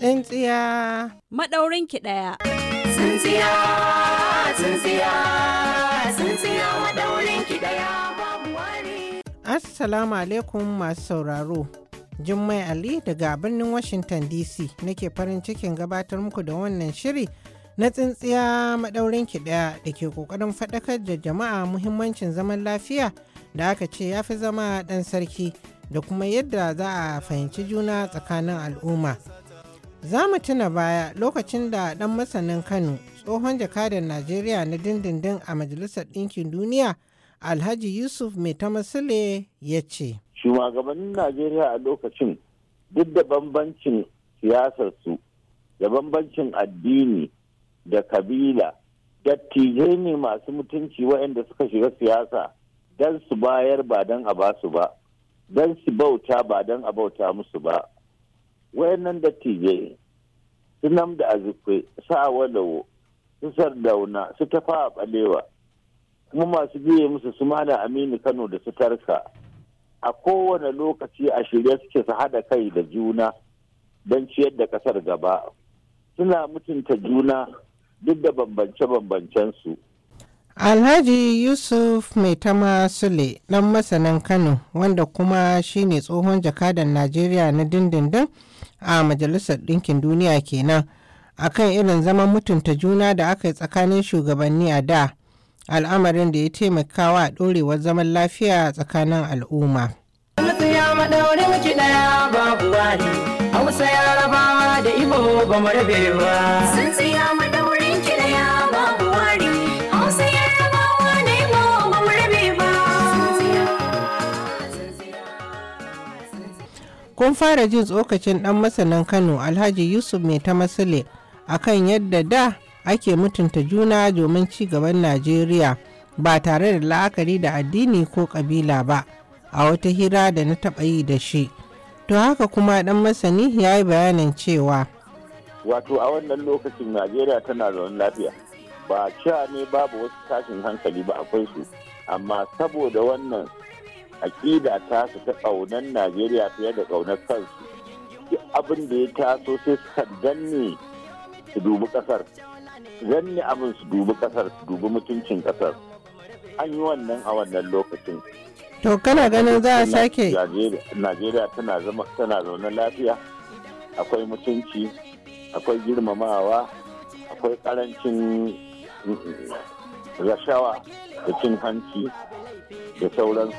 Tsintsiya. Maɗaurin ki ɗaya. Tsintsiya, tsintsiya, tsintsiya maɗaurin ki ɗaya babu wari. Assalamu alaikum masu sauraro. Jummai Ali daga birnin Washington DC nake farin cikin gabatar muku da wannan shiri na tsintsiya maɗaurin ki ɗaya da ke ƙoƙarin faɗakar da jama'a muhimmancin zaman lafiya da aka ce ya fi zama ɗan sarki da kuma yadda za a fahimci juna tsakanin al'umma. Za mu tuna baya lokacin da ɗan masanin Kano tsohon jakadan Najeriya na dindindin a Majalisar Ɗinkin Duniya Alhaji Yusuf Mai ta masule ya ce. Shugabannin Najeriya a lokacin duk da bambancin siyasarsu da bambancin addini da kabila dattijai ne masu mutunci waɗanda suka shiga siyasa don su bayar ba don a ba su ba don su bauta ba don a bauta musu ba wayannan dattijai su nam da azikwe sa walawo su sardauna su tafa a balewa kuma masu biye musu su mana aminu kano da su tarka a kowane lokaci a shirye suke su hada kai da juna don ciyar da kasar gaba suna mutunta juna duk da bambance-bambancensu. Alhaji Yusuf Maitama Sule ɗan masanin Kano wanda kuma shine tsohon jakadan Najeriya na dindindin a majalisar ɗinkin duniya kenan akan irin zaman mutunta juna da aka yi tsakanin shugabanni a da al'amarin da ya taimakawa a ɗorewar zaman lafiya tsakanin al'umma. da kun fara jin tsokacin ɗan masanin kano alhaji yusuf mai ta masule kan yadda da ake mutunta juna domin ci gaban najeriya ba tare da la'akari da addini ko kabila ba a wata hira da na taba yi da shi to haka kuma ɗan masani ya yi bayanin cewa wato a wannan lokacin najeriya tana zaune lafiya ba cewa ne babu wasu tashin hankali ba akwai su amma saboda wannan aƙida ta su ta ƙaunar najeriya fiye da ƙaunar kansu abin da ya taso sai su danne su dubi ƙasar danne abin su dubi ƙasar su dubi mutuncin ƙasar an yi wannan a wannan lokacin to kana ganin za a sake najeriya tana zama tana zaune lafiya akwai mutunci akwai girmamawa akwai ƙarancin rashawa da cin hanci da sauransu.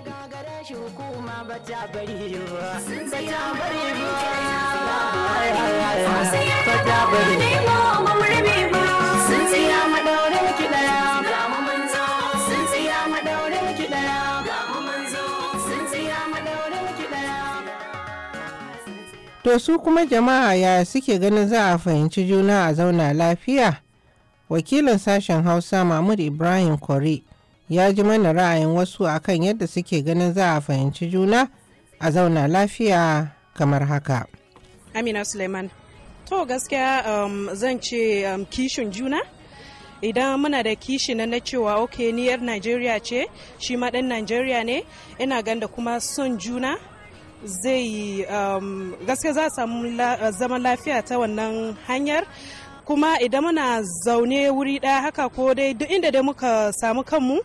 To su kuma jama'a ya suke ganin za a fahimci juna a zauna lafiya? wakilin sashen hausa mahmud ibrahim kore ya ji mana ra'ayin wasu akan yadda suke ganin za a fahimci juna a zauna lafiya kamar haka amina suleiman to gaskiya um, zan ce um, kishin juna idan muna da kishi na cewa ok ni yar najeriya ce shi ma dan najeriya ne ina ganda kuma son juna zai um, gaskiya za a samu zaman lafiya ta wannan hanyar kuma idan muna zaune wuri ɗaya haka ko dai duk inda dai muka samu kanmu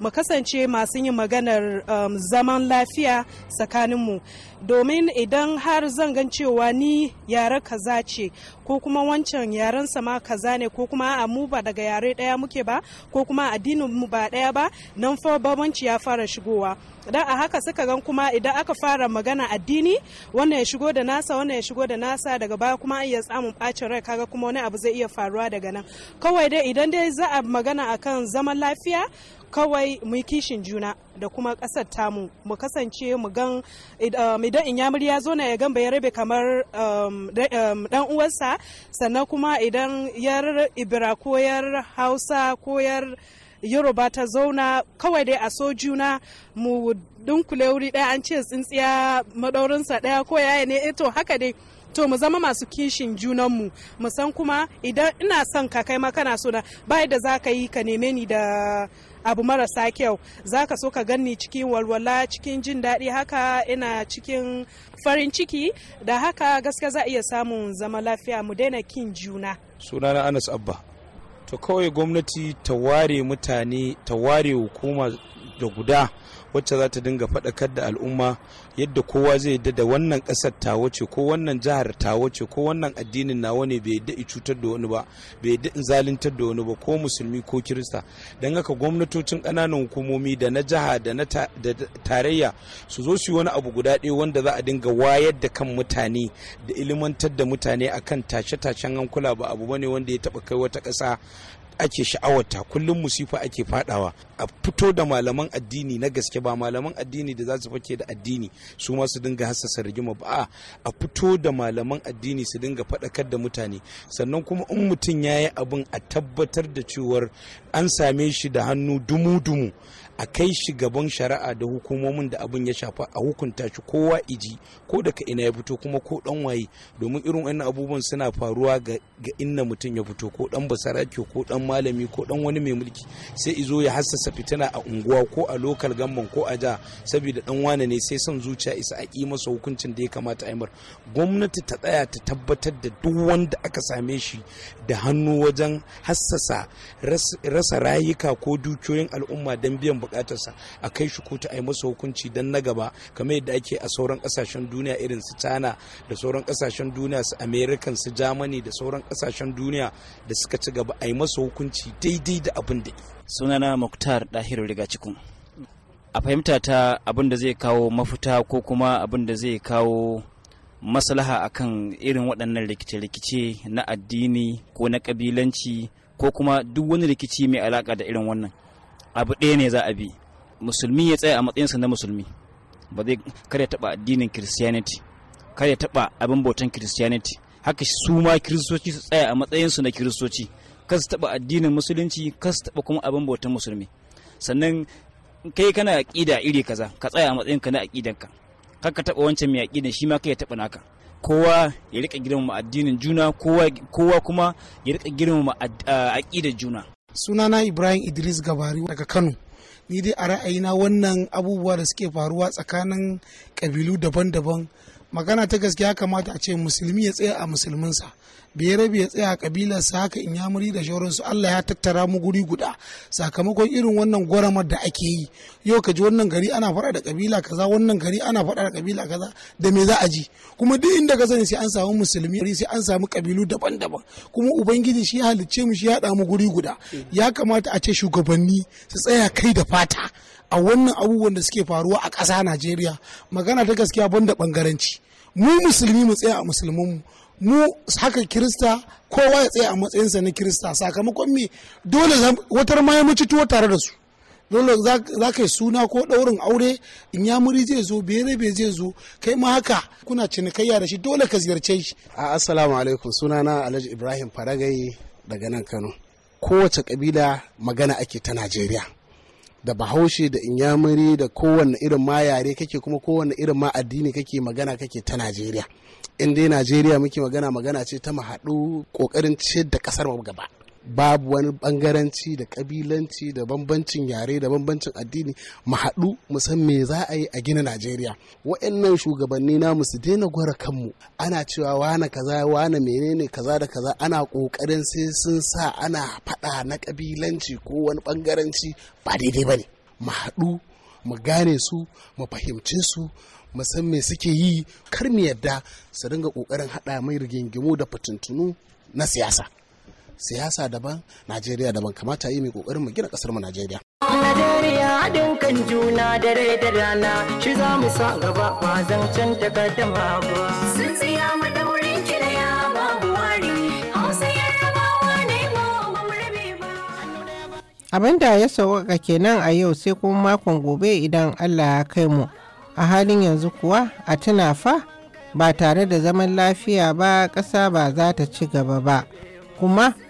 mu kasance masu yin maganar um, zaman lafiya tsakaninmu domin idan har zan gan cewa ni yare kaza ce ko kuma wancan yaren sama kaza ne ko kuma a mu ba daga yare ɗaya muke ba ko kuma addinin mu ba ɗaya ba nan fa babanci ya fara shigowa dan a haka suka gan kuma idan aka fara magana addini wannan ya shigo da nasa wannan ya shigo da nasa daga baya kuma an iya samun bacin rai kaga kuma wani abu zai iya faruwa daga nan kawai dai idan dai za a magana akan zaman lafiya kawai mu kishin juna da kuma kasar tamu mu kasance mu gan idan eh, inyamuri ya zo na ya gan ya rabe kamar um, um, dan uwarsa sannan kuma idan yar ibira ko yar hausa ko yar yoruba ta zauna kawai dai a so juna mu dunkule wuri ɗaya an ce tsintsiya madaurinsa ɗaya ko yaya ne eh to haka dai to mu zama masu kishin junanmu mu san kuma idan ina son ka kai makana kana so na bai da ka yi ka neme ni da abu marasa kyau za ka so ka ganni cikin walwala cikin jin daɗi haka ina cikin farin ciki da haka gaske za a iya samun zama lafiya mu daina kin juna sunana anas abba to kawai gwamnati ta ware mutane ta ware hukuma da guda wacce za ta dinga faɗakar da al'umma yadda kowa zai yadda da wannan ƙasar tawo ce ko wannan jihar tawo ce ko wannan addinin nawa ne bai yadda in cutar da wani ba bai yadda in zaluntar da wani ba ko musulmi ko kirista don haka gwamnatocin ƙananan hukumomi da na jiha da na tarayya su zo su yi wani abu guda ɗaya wanda za a dinga wayar da kan mutane da ilimantar da mutane akan tashe-tashen hankula ba abu bane wanda ya taɓa kai wata ƙasa ake sha'awarta kullum musifa ake fadawa a fito da malaman addini na gaske ba malaman addini da za su fake da addini su ma su dinga hassasa rigima ba a fito da malaman addini su dinga faɗakar da mutane sannan kuma in mutum ya yi abin a tabbatar da cewar an same shi da hannu dumu-dumu a kai shi gaban shari'a da hukumomin da abin ya shafa a hukunta shi kowa iji ko daga ina ya fito kuma ko dan waye domin irin wannan abubuwan suna faruwa ga inna mutum ya fito ko dan basarake ko dan malami ko dan wani mai mulki sai izo ya hassasa fitina a unguwa ko a lokal gamban ko a ja saboda dan wane ne sai son zuciya isa a kima masa hukuncin da ya kamata a gwamnati ta tsaya ta tabbatar da duk wanda aka same shi da hannu wajen hassasa rasa rayuka ko dukiyoyin al'umma don biyan bukatarsa a kai shi kotu a yi masa hukunci don na gaba kamar yadda ake a sauran kasashen duniya irin su china da sauran kasashen duniya su american su germany da sauran kasashen duniya da suka ci gaba a yi masa hukunci daidai da abin da sunana muktar dahiru riga cikin a fahimta ta abin da zai kawo mafita ko kuma abin da zai kawo maslaha akan irin waɗannan rikice-rikice na addini ko na ƙabilanci ko kuma duk wani rikici mai alaƙa da irin wannan abu ɗaya ne za a bi musulmi ya tsaya a matsayinsa na musulmi ba zai kar ya taɓa addinin christianity kar ya taɓa abin bautan christianity haka su ma kiristoci su tsaya a matsayinsu na kiristoci ka su taɓa addinin musulunci ka su taɓa kuma abin bautan musulmi sannan kai kana aƙida iri kaza ka tsaya a matsayin ka na aƙidanka kar ka taɓa wancan mai aƙidan shi ma kai ya taɓa naka kowa ya rika girmama addinin juna kowa kuma ya rika girmama aƙidar juna sunana ibrahim idris gabari daga kano ni dai a ra'ayina wannan abubuwa da suke faruwa tsakanin kabilu daban-daban magana ta gaske ya kamata a ce musulmi ya tsaya a musulminsa rabi ya tsaya a kabilarsa haka in yamuri da shauransu Allah ya tattara mu guri guda sakamakon irin wannan gwaramar da ake yi yau ka ji wannan gari ana faɗa da kabila kaza wannan gari ana faɗa da kabila kaza da me za a ji kuma duk inda ka sani sai an samu musulmi sai an samu kabilu daban-daban kuma ubangiji shi ya halicce mu shi ya haɗa mu guri guda ya kamata a ce shugabanni su tsaya kai da fata a wannan abubuwan da suke faruwa a ƙasa Najeriya magana ta gaskiya banda bangaranci mu musulmi mu tsaya a musulmin mu haka kirista kowa ya tsaya a matsayinsa na kirista sakamakon me dole watar ma ya mace tuwa tare da su dole za ka yi suna ko ɗaurin aure in ya muri zai zo bere zai zo kai ma haka kuna cinikayya da shi dole ka ziyarce shi a assalamu alaikum sunana alhaji ibrahim faragai daga nan kano kowace kabila magana ake ta najeriya da bahaushe da inyamuri da kowane irin ma yare kake kuma kowane irin ma addini kake magana kake ta najeriya in dai najeriya muke magana magana ce ta mu haɗu ƙoƙarin ciyar da ƙasar gaba babu wani bangaranci da kabilanci da bambancin yare da bambancin addini mu haɗu mu san me za a yi a gina najeriya wa'annan shugabanni na su daina gwara kanmu ana cewa wane kaza wane menene kaza da kaza ana ƙoƙarin sai sun sa ana faɗa na kabilanci ko wani bangaranci ba daidai ba ne mu haɗu mu gane su mu fahimce su mu san me suke yi kar mu yadda su dinga ƙoƙarin haɗa mai rigingimu da fitintunu na siyasa siyasa daban najeriya daban kamata yi mai kokarin mu gina kasar mu najeriya Najeriya haɗin kan juna da rai da rana shi za mu sa gaba ba zan zancen takardama ba. Sun tsaya mu daurin ya babu wari Hausa wa ne mu murbe ba. Abin da ya sauƙaƙa kenan a yau sai kuma makon gobe idan Allah ya kai mu. A halin yanzu kuwa a tuna fa ba tare da zaman lafiya ba ƙasa ba za ta ci gaba ba. Kuma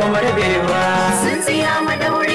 ba mu rabe Sun siya madaura